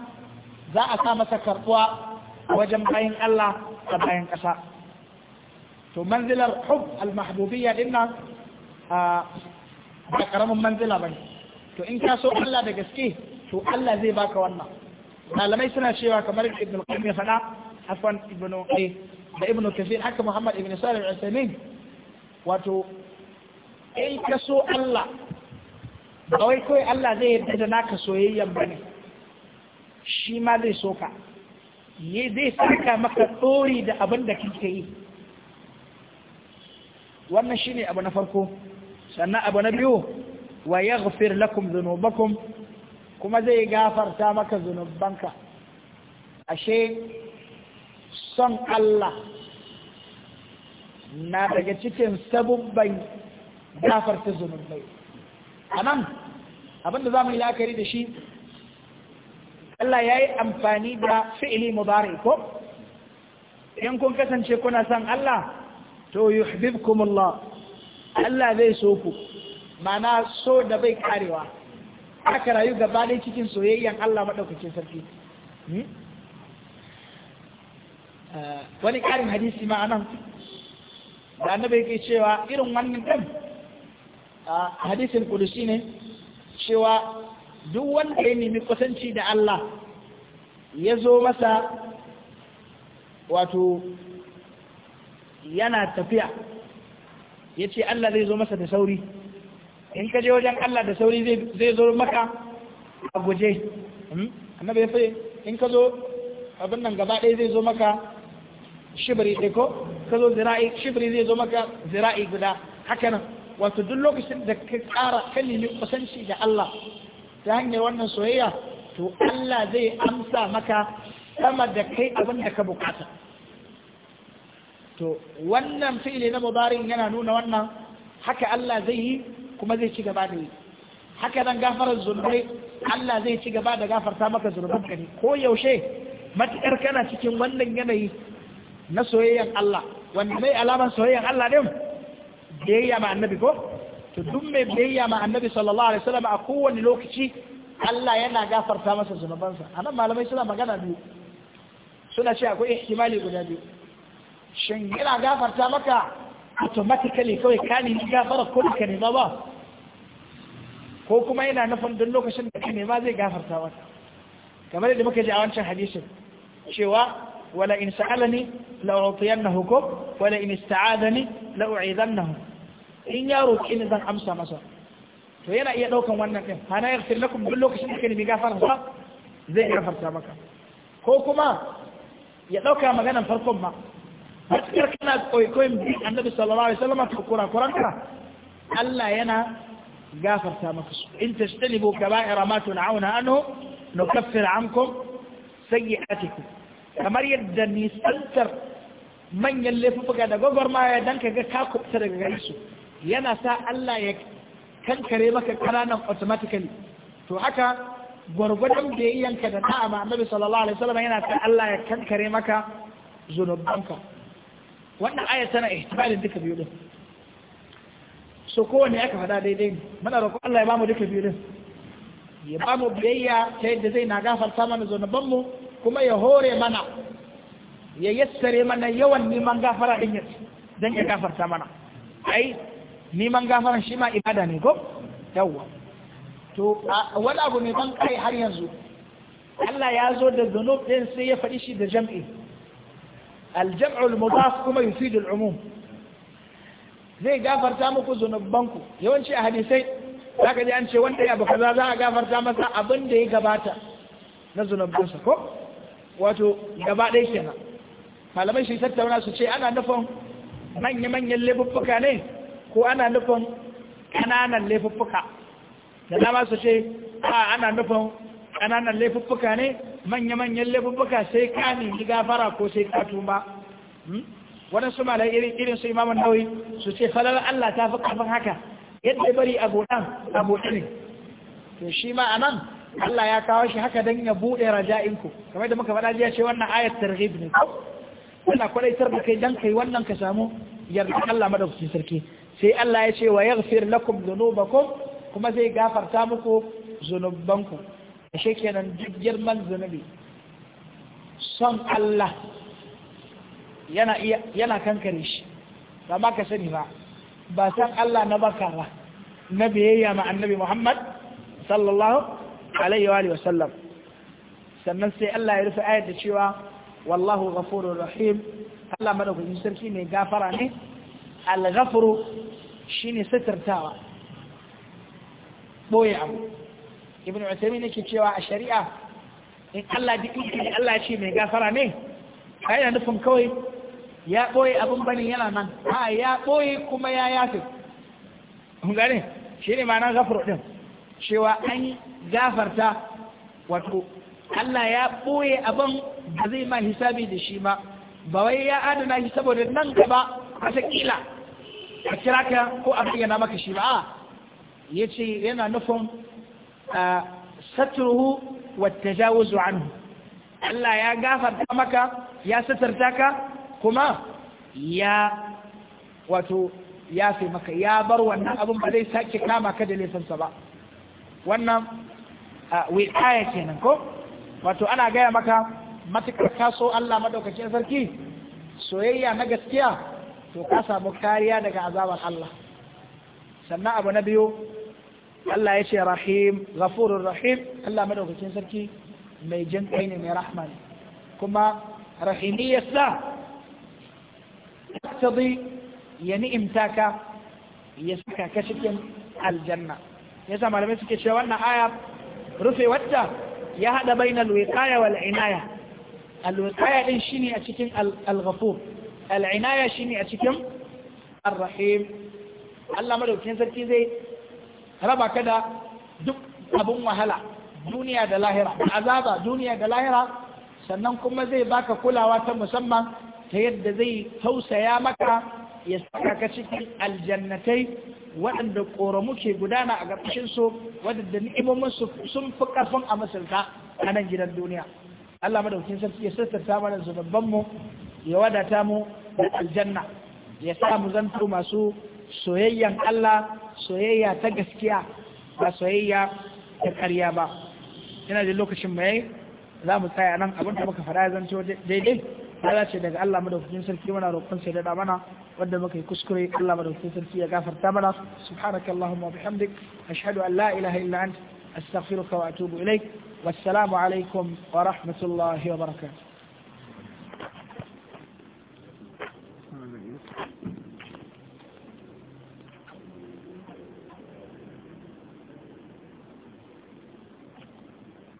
za a sa masa karbuwa wajen bayan Allah a bayan ƙasa to manzilar hub al-mahbubiyya dinnan ba karamin manzila bane to in ka so Allah da gaske to Allah zai baka wannan malamai suna cewa kamar ibn al-qayyim ya faɗa afwan ibn da ibn kathir haka muhammad ibn salih al-usaimin wato in ka so Allah ba wai kawai Allah zai yarda da naka soyayyen ba ne shi ma zai so ka ye zai saka maka tsori da abin da kike yi wannan shine abu na farko sannan abu na biyu wa yaghfir lakum dhunubakum kuma zai gafarta maka zunubanka ashe son Allah na daga cikin sabubban gafarta zunubai a nan abinda za mu yi la'akari da shi Allah ya yi amfani da fi'ili mubari ko in kun kasance kuna san Allah to yuhibbukumullah Allah zai so ku mana so da bai karewa aka rayu gaba dai cikin soyayyan Allah maɗaukacin sarki hmm? eh, wani ƙarin hadisi ma'anan da annabi yake cewa irin wannan ɗan hadisin kudusi ne cewa duk wanda ya nemi kusanci da Allah ya zo masa wato yana tafiya ya ce Allah zai zo masa da sauri in ka je wajen Allah da sauri zai zo maka a guje hmm? annabi ya fi in ka zo abin nan gaba ɗaya zai zo maka shibiri ɗaya ko ka zo zira'i shibiri zai zo maka zira'i guda haka nan wato duk lokacin da ka ƙara kalimin kusanci da Allah ta hanyar wannan soyayya to Allah zai amsa maka sama da kai abin da ka bukata to wannan fi'ili na mubarin yana nuna wannan haka Allah zai yi kuma zai ci gaba da yi haka nan gafarar zunubai Allah zai ci gaba da gafarta maka zunubanka ne ko yaushe matuƙar kana cikin wannan yanayi na soyayyan Allah wanda mai alamar soyayyan Allah din biyayya ma annabi ko to duk mai biyayya ma annabi sallallahu alaihi wasallam a kowane lokaci Allah yana gafarta masa zunubansa anan malamai suna magana biyu suna ce akwai ihtimali guda biyu shin yana gafarta maka automatically kawai ka nemi gafara ko ka nema ba ko kuma yana nufin duk lokacin da ka nema zai gafarta maka kamar yadda muka ji a wancan hadisin cewa wala in sa'alani la utiyannahu ko wala in ista'adani la u'idannahu in ya roƙi ni zan amsa masa to yana iya daukan wannan din hana ya tsira ku duk lokacin da ka nemi gafara sa zai farta maka ko kuma ya dauka maganan farkon ma har kar kana kwaikwayon bi annabi sallallahu alaihi wasallam kura kura ka Allah yana gafarta maka su in tajtanibu kaba'ira ma tun'auna anhu nukaffir ankum sayyi'atikum kamar yadda ni nisantar manyan laifuka da gwagwarmaya don ka ga ka kubta daga gari su yana sa Allah ya kankare maka ƙananan automatically to haka gwargwadon biyayyanka da na'ama annabi sallallahu alaihi wasallam yana sa Allah ya kankare maka zunubanka wannan aya tana ihtimalin duka biyu din so kowanne aka faɗa daidai ne muna roƙon Allah ya bamu duka biyu din ya bamu biyayya ta yadda zai na gafarta mana zunubanmu kuma ya hore mana ya yassare mana yawan neman gafara din ya dan ya gafarta mana ai neman gafaran shi ma ibada ne ko yawwa to wani abu ne ban kai har yanzu Allah ya zo da zunub din sai ya faɗi shi da jam'i al-jam'ul mudaf kuma yufidu al-umum zai gafarta muku zunubanku yawanci a hadisai zaka ji an ce wanda ya baka za a gafarta masa abin da ya gabata na zunubansa ko wato gaba ɗaya kenan malamai shi tattauna su ce ana nufin manya-manyan laifuffuka ne ko ana nufin ƙananan laifuffuka da dama su ce a ana nufin ƙananan laifuffuka ne manya-manyan laifuffuka sai ka nemi gafara ko sai ka tuba hmm? waɗansu malai irin su imamun nauyi su ce falar Allah ta fi ƙafin haka yadda bari a goɗan a ne to shi ma a nan Allah ya kawo shi haka don ya buɗe raja'inku kamar da muka faɗa jiya ce wannan ayat targhib ne wannan kwadaitar da kai don kai wannan ka samu yarda Allah madaukakin sarki sai Allah ya ce wa yaghfir lakum dhunubakum kuma zai gafarta muku zunubanku ashe kenan duk girman zunubi son Allah yana yana kankare shi ba ma ka sani ba ba san Allah na baka ba na biyayya ma annabi Muhammad sallallahu alaihi wa sallam sannan sai Allah ya rufe ayar da cewa wallahu ghafurur rahim Allah madaukakin sarki mai gafara ne al-ghafuru ne satartawa ɓoye abu ibn ne ke cewa a shari'a in Allah duk ne Allah ce mai gafara ne A yana nufin kawai ya ɓoye abin bane yana nan a ya ɓoye kuma ya yafi mun gane ne ma'anar gafaro ɗin. cewa an gafarta wato Allah ya ɓoye abin da zai ma hisabi da shi ma ba wai ya adana shi saboda nan gaba wata ƙila a kira ka ko a bayyana maka shi ba ya ce yana nufin satruhu wa tajawuzu anhu Allah ya gafarta maka ya satarta ka kuma ya wato ya fi maka ya bar wannan abin ba zai sake kama ka da laifinsa ba wannan wi'aya kenan ko wato ana gaya maka matukar kaso Allah madaukakin sarki soyayya na gaskiya to ka samu kariya daga azabar Allah sannan abu na biyu Allah ya ce rahim ghafurur rahim Allah madaukakin sarki mai jin kai ne mai rahma ne kuma rahimiyarsa taqtadi ya ni'imtaka ya saka ka cikin aljanna yasa malamai suke cewa wannan aya rufe wata ya hada bainal wiqaya wal inaya al wiqaya din shine a cikin al ghafur al'inaya shine a cikin ar-rahim Allah madaukakin sarki zai raba ka da duk abin wahala duniya da lahira azaba duniya da lahira sannan kuma zai baka kulawa ta musamman ta yadda zai tausaya maka ya saka ka cikin aljannatai waɗanda ƙoramu ke gudana a ƙarƙashin su waɗanda ni'imomin su sun fi ƙarfin a a nan gidan duniya Allah madaukakin sarki ya ta mana mu. ya wadata mu da aljanna ya sa mu zanto masu soyayyan Allah soyayya ta gaskiya ba soyayya ta ƙarya ba yana da lokacin mai za mu tsaya nan abin da muka fara zanto daidai ya ce daga Allah madaukakin sarki mana roƙon sai da mana wanda muka yi kuskure Allah madaukakin sarki ya gafarta mana subhanaka allahumma bihamdik ashhadu an la ilaha illa ant astaghfiruka wa atubu ilaik wassalamu alaikum wa rahmatullahi wa